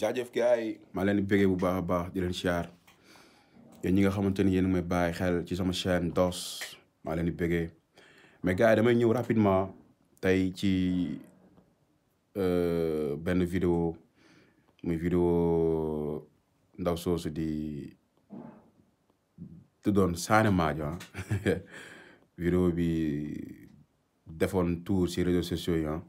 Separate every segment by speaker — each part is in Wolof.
Speaker 1: jaajëf gars yi maa leen di bu baax a baax di leen siyaar yéen ñi nga xamante ni yéen may bàyyi xel ci sama chaîne DOS maa leen di mais gars yi damay ñëw rapidement tey ci euh, benn vidéo muy vidéo ndaw soosu di tuddoon Sané Madio ah. vidéo bi defoon tour ci réseaux sociaux ah.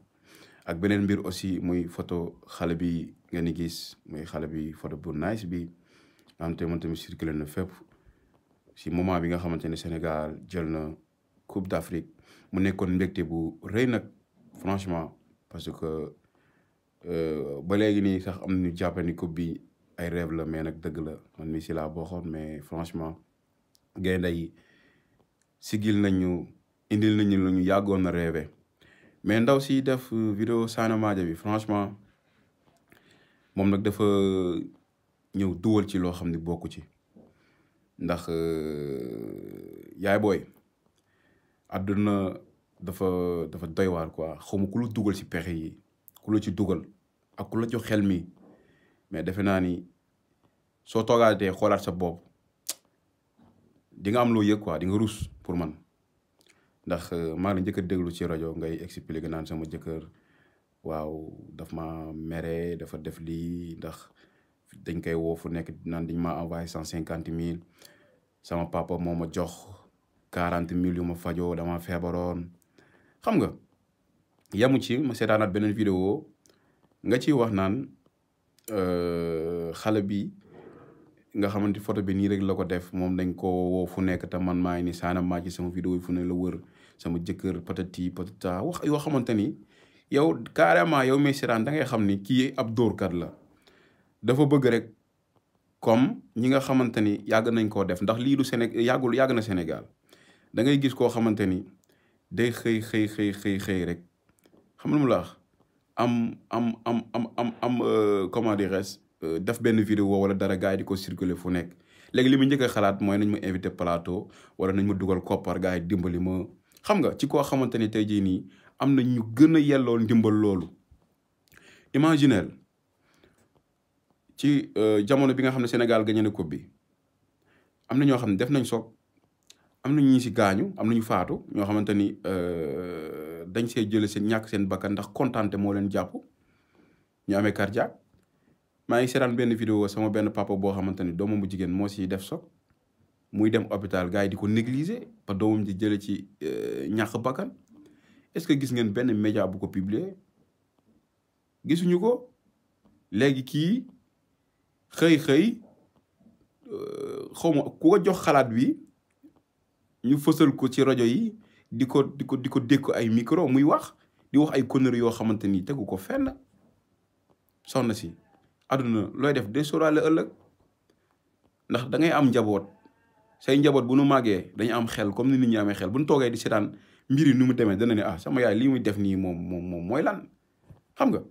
Speaker 1: ak beneen mbir aussi muy photo xale bi nga ni gis muy xale bi photo bu nice bi nga xam te moom tamit circulé na fépp si moment bi nga xamante ne Sénégal jël na Coupe d'Afrique mu nekkoon mbégte bu rëy nag franchement parce que euh, ba léegi nii sax am nañu jàpp ni coupe bi ay rêve la mais nag dëgg la man mi si laa mais franchement gaynde yi sigil nañu indil nañu lu ñu yàggoon na rêvé mais ndaw si def euh, vidéo Saana Maaja bi franchement moom nag dafa euh, ñëw dugal ci loo xam ne bokku ci ndax euh, yaay booy àdduna dafa dafa doy waar quoi xawma ku dugal ci pexe yi ku ci dugal ak ku la jox xel mi mais defe naa ni soo toogaatee xoolaat sa bopp di nga am loo yëg quoi di nga rus pour man ndax euh, maa la njëkk a déglu ci rajo ngay expliquer naan sama jëkkër waaw daf ma mere dafa def li ndax dañ koy woo fu nekk naan dañ ma envoyé cent cinquante mille sama papa moom ma jox quarante mille yu ma fajo dama feebaroon xam nga yamu ci ma seetaanaat beneen vidéo nga ci wax naan euh, xale bi nga xamante photo bi nii rek la ko def moom dañ ko woo fu nekk te man maa ngi ni saana maa ci sama vidéo yi fu ne la wër sama jëkkër patati patata wax yoo xamante ni yow carrément yow mi da ngay xam ni kii ab dóorkat la dafa bëgg rek comme ñi nga xamante ni yàgg nañ koo def ndax lii du Sénégal yàggul yàgg na Sénégal da ngay gis koo xamante ni day xëy xëy xëy xëy xëy rek xam lu mu am am am am am am euh, comment dirais Euh, def benn vidéo wala dara gars di ko circuler fu nekk léegi li mu njëkk a xalaat mooy nañ ma invité plateau wala nañ ma dugal koppar gars yi dimbali ma xam nga ci koo xamante ni tey jii nii am na ñu gën a yelloo ndimbal loolu imaginel ci euh, jamono bi nga xam ne Sénégal gagné ne coupe bi am na ñoo xam ne def nañ soog am na ñu si gaañu am na ñu faatu ñoo xamante ni euh, dañ see jële seen ñàkk seen bakkan ndax kontaante moo leen jàpp ñu amee cardiaque maa ngi seetaan benn vidéo sama benn papa boo xamante ni doomam bu jigéen moo si def muy dem hôpital gars yi di ko négliger ba doomam ji jële ci euh, ñàkk bakkan est-ce que gis ngeen benn média bu ko publier gisuñu ko léegi kii xëy xëy euh, xawma ku ko jox xalaat bi ñu fësal ko ci rajo yi di ko di ko ay micro muy wax di wax ay conneries yoo xamante ni ko fenn àdduna looy def day sóoraale ëllëg ndax dangay am njaboot say njaboot bu nu màggee dañu am xel comme ni nit ñu amee xel bu nu toogee di seetaan mbir yi nu mu demee dana ne ah sama yaay lii muy def nii moom moom moom mooy lan. xam nga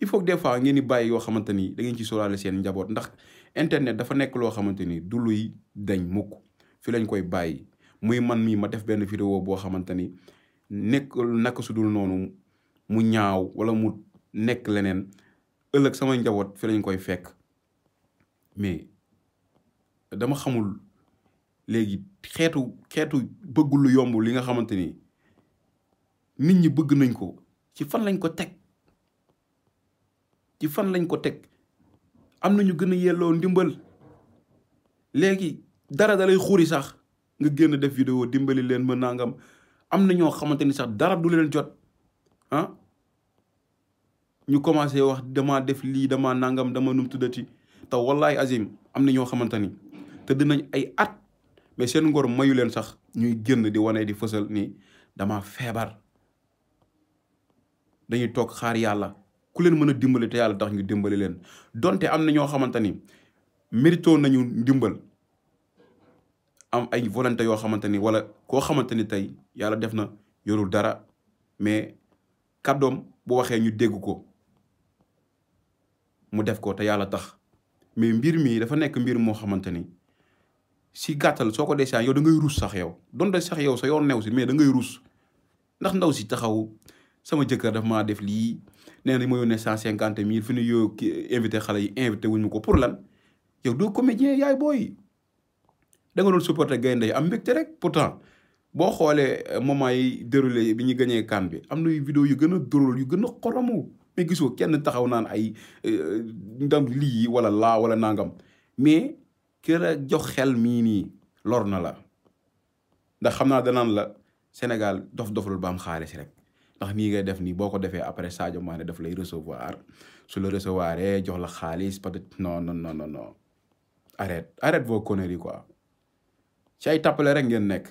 Speaker 1: il faut que des fois ngeen di bàyyi yoo xamante ni da ngeen ci sóoraale seen njaboot ndax internet dafa nekk loo xamante ni du luy dañ mukk fi lañ koy bàyyi muy man mii ma def benn vidéo boo xamante ni nekk naka sudul noonu mu ñaaw wala mu nekk leneen. ëllëg samay njaboot fi lañ koy fekk mais dama xamul léegi xeetu xeetu bëggulu yomb li nga xamante ni nit ñi bëgg nañ ko ci fan lañ ko teg ci fan lañ ko teg am na ñu gën a yelloo ndimbal léegi dara dalay xuri sax nga génn def vidéo dimbali leen ma nangam am na ñoo xamante ni sax dara du leen jot ah? ñu commencé wax dama def lii dama nangam dama num tuddati te wallahi azim am na ñoo xamante ni te dinañ ay at mais seen ngor mayu leen sax ñuy génn di wane di fësal ni dama feebar dañuy toog xaar yàlla ku leen mën a dimbali te yàlla tax ñu dimbali leen donte am na ñoo xamante ni mérito nañu ndimbal am ay volonté yoo xamante ni wala koo xamante ni tey yàlla def na yorul dara mais kàddoom boo waxee ñu dégg ko mu def ko te yàlla tax mais mbir mii dafa nekk mbir moo xamante ni si gàttal soo ko desee yow da ngay ruus sax yow donte sax yow sa yoon new si mais da ngay ruus ndax ndaw si taxaw sama jëkkër daf maa def lii nee na ma yónnee cent cinquante mille fi ñu yoo invité xale yi invité wuñ ma ko pour lan yow doo comédien yaay booy da nga doon supporter gaynde yi am mbégte rek pourtant boo xoolee euh, moment yi déroulé bi ñu gañee kan bi am na video yu gën a drôle yu gën a xoromu mais gisoo kenn taxaw naan ay euh, ndam lii wala laa wala nangam mais ki jox xel mii nii lor na la ndax xam naa danaan la Sénégal dof-doflul ba am xaalis rek ndax nii ngay def nii boo ko defee après Sadio maane daf lay recevoir su la recevoir jox la xaalis peut-être non non non non non arrête arrête vos quoi ci ay tappale rek ngeen nekk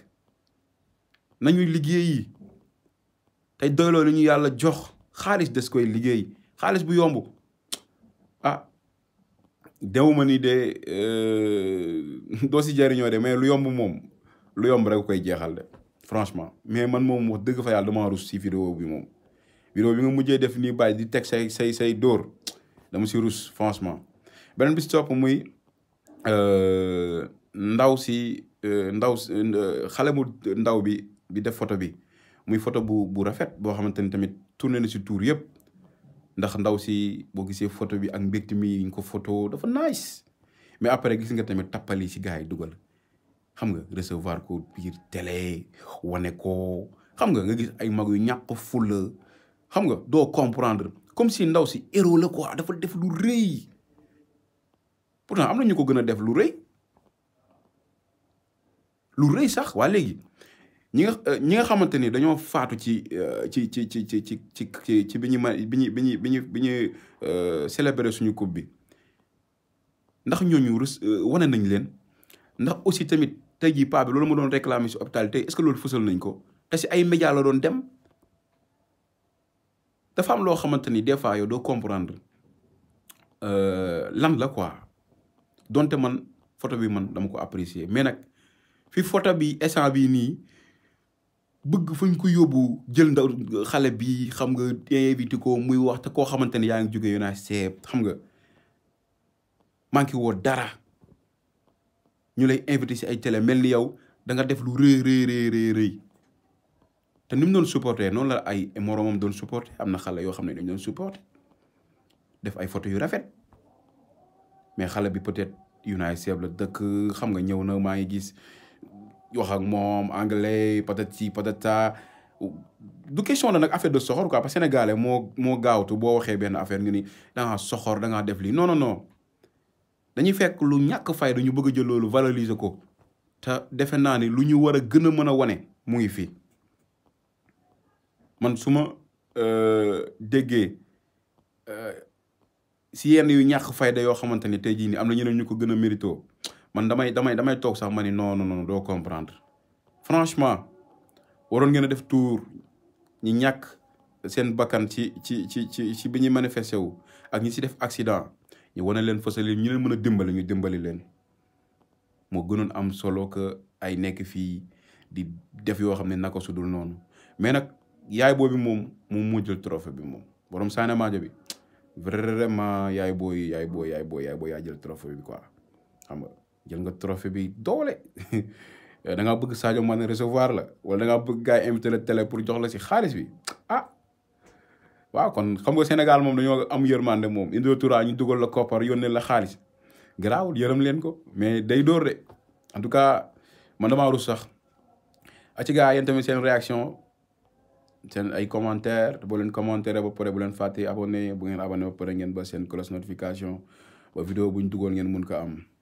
Speaker 1: nañuy liggéey tey doyloo li ñu yàlla jox. xaalis des koy liggéey xaalis bu yomb ah dewuma nii de euh, doo si jariñoo de mais lu yomb moom lu yomb rek koy jeexal de franchement mais man moom wax dëgg fa yàlla damaa rus si vidéo bi moom vidéo bi nga mujjee def nii bàyyi di teg say say say dóor dama si rus franchement beneen bi si muy euh, ndaw si euh, ndaw xale mu ndaw bi bi def photo bi muy photo bu bu rafet boo xamante ni tamit tourné na si tour yëpp ndax ndaw si boo gisee photo bi ak mbégte mi ñu ko photo dafa nice mais après gis nga tamit tappali si gaa yi dugal xam nga recevoir ko biir télé wane ko xam nga nga gis ay mag yu ñàkk fulla xam nga doo comprendre comme si ndaw si héros la quoi dafa def am na ñu ko gën a def lu rëy lu rëy sax waa léegi ñi nga euh, ñi nga xamante ni dañoo faatu euh, ci ci ci ci ci ci ci ci bi ñu ma bi ñu bi ñu bi ñu bi ñu euh, célébré suñu coupe bi ndax ñooñu rus wane nañ leen ndax aussi tamit tey jii paa loolu ma doon réclamer si hôpital tey est-ce que loolu fësal nañ ko te si ay médias la doon dem dafa am loo xamante ni des fois yow doo comprendre lan la quoi donte man photo bi man dama ko apprécier mais nag fi photo bi instant bii nii. bëgg fuñ ko yóbbu jël ndaw xale bi xam nga invité ko muy wax te koo xamante ne yaa ngi jóge yoonaa seeb xam nga manqué woo dara ñu lay invité si ay télé mel ni yow da nga def lu rëy rëy te ni mu doon supporté noonu la ay moromam doon supporté am na xale yoo xam ne dañ doon supporté def ay photo yu rafet mais xale bi peut-être yoonaa seeb la dëkk xam nga ñëw na maa ngi gis wax ak moom anglais patati patata du question la nag affaire de soxor quoi parce que sénégalais moo moo gaawtu boo waxee benn affaire ngi nii da ngaa soxor da def lii non non fekk lu ñàkk fay dañu bëgg a jël loolu valoriser ko te defe naa ni lu ñu war a gën a mën a wane mu ngi fii man suma ma euh, déggee euh, si yenn yu ñàkk fayda yoo xamante ni tey jii nii am na ne ñu ko gën a mérito man damay damay damay toog sax ma ni non non non doo comprendre franchement waroon ngeen a def tour ñi ñàkk seen bakkan ci ci ci ci ci bi ñuy manifesté wu ak ñi si def accident ñu wane leen fësali ñu leen mën a dimbali ñu dimbali leen moo gënoon am solo que ay nekk fii di def yoo xam ne naka su dul noonu mais nag yaay boobi moom mu mujjul trophée bi moom borom Sané Madio bi vraiment yaay booy yaay booy yaay booy yaay booy yaa jël trophée bi quoi xam nga. jël nga trophée bii doole da ngaa bëgg Sadio Mané recevoir la wala da ngaa bëgg gars yi invité télé pour jox la si xaalis bi ah. waaw kon xam nga Sénégal moom dañoo am yërmande moom Indo Touré ñu dugal la koppar yónnee la xaalis garaawul yërëm leen ko mais day door de en tout cas man damaa rus sax. a ci gars yéen tamit seen réaction seen ay commentaire boo leen commentaire ba pare bu leen fàtte abonné bu ngeen abonné ba pare ngeen ba seen cloche notification ba vidéo bu ñu dugal ngeen mun ko am.